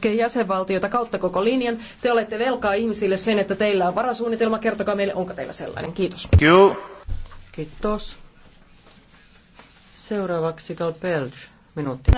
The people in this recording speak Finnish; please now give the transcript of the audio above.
koskee jäsenvaltiota kautta koko linjan. Te olette velkaa ihmisille sen, että teillä on varasuunnitelma. Kertokaa meille, onko teillä sellainen. Kiitos. Kiitos. Kiitos. Seuraavaksi Kalpelj, minuutti.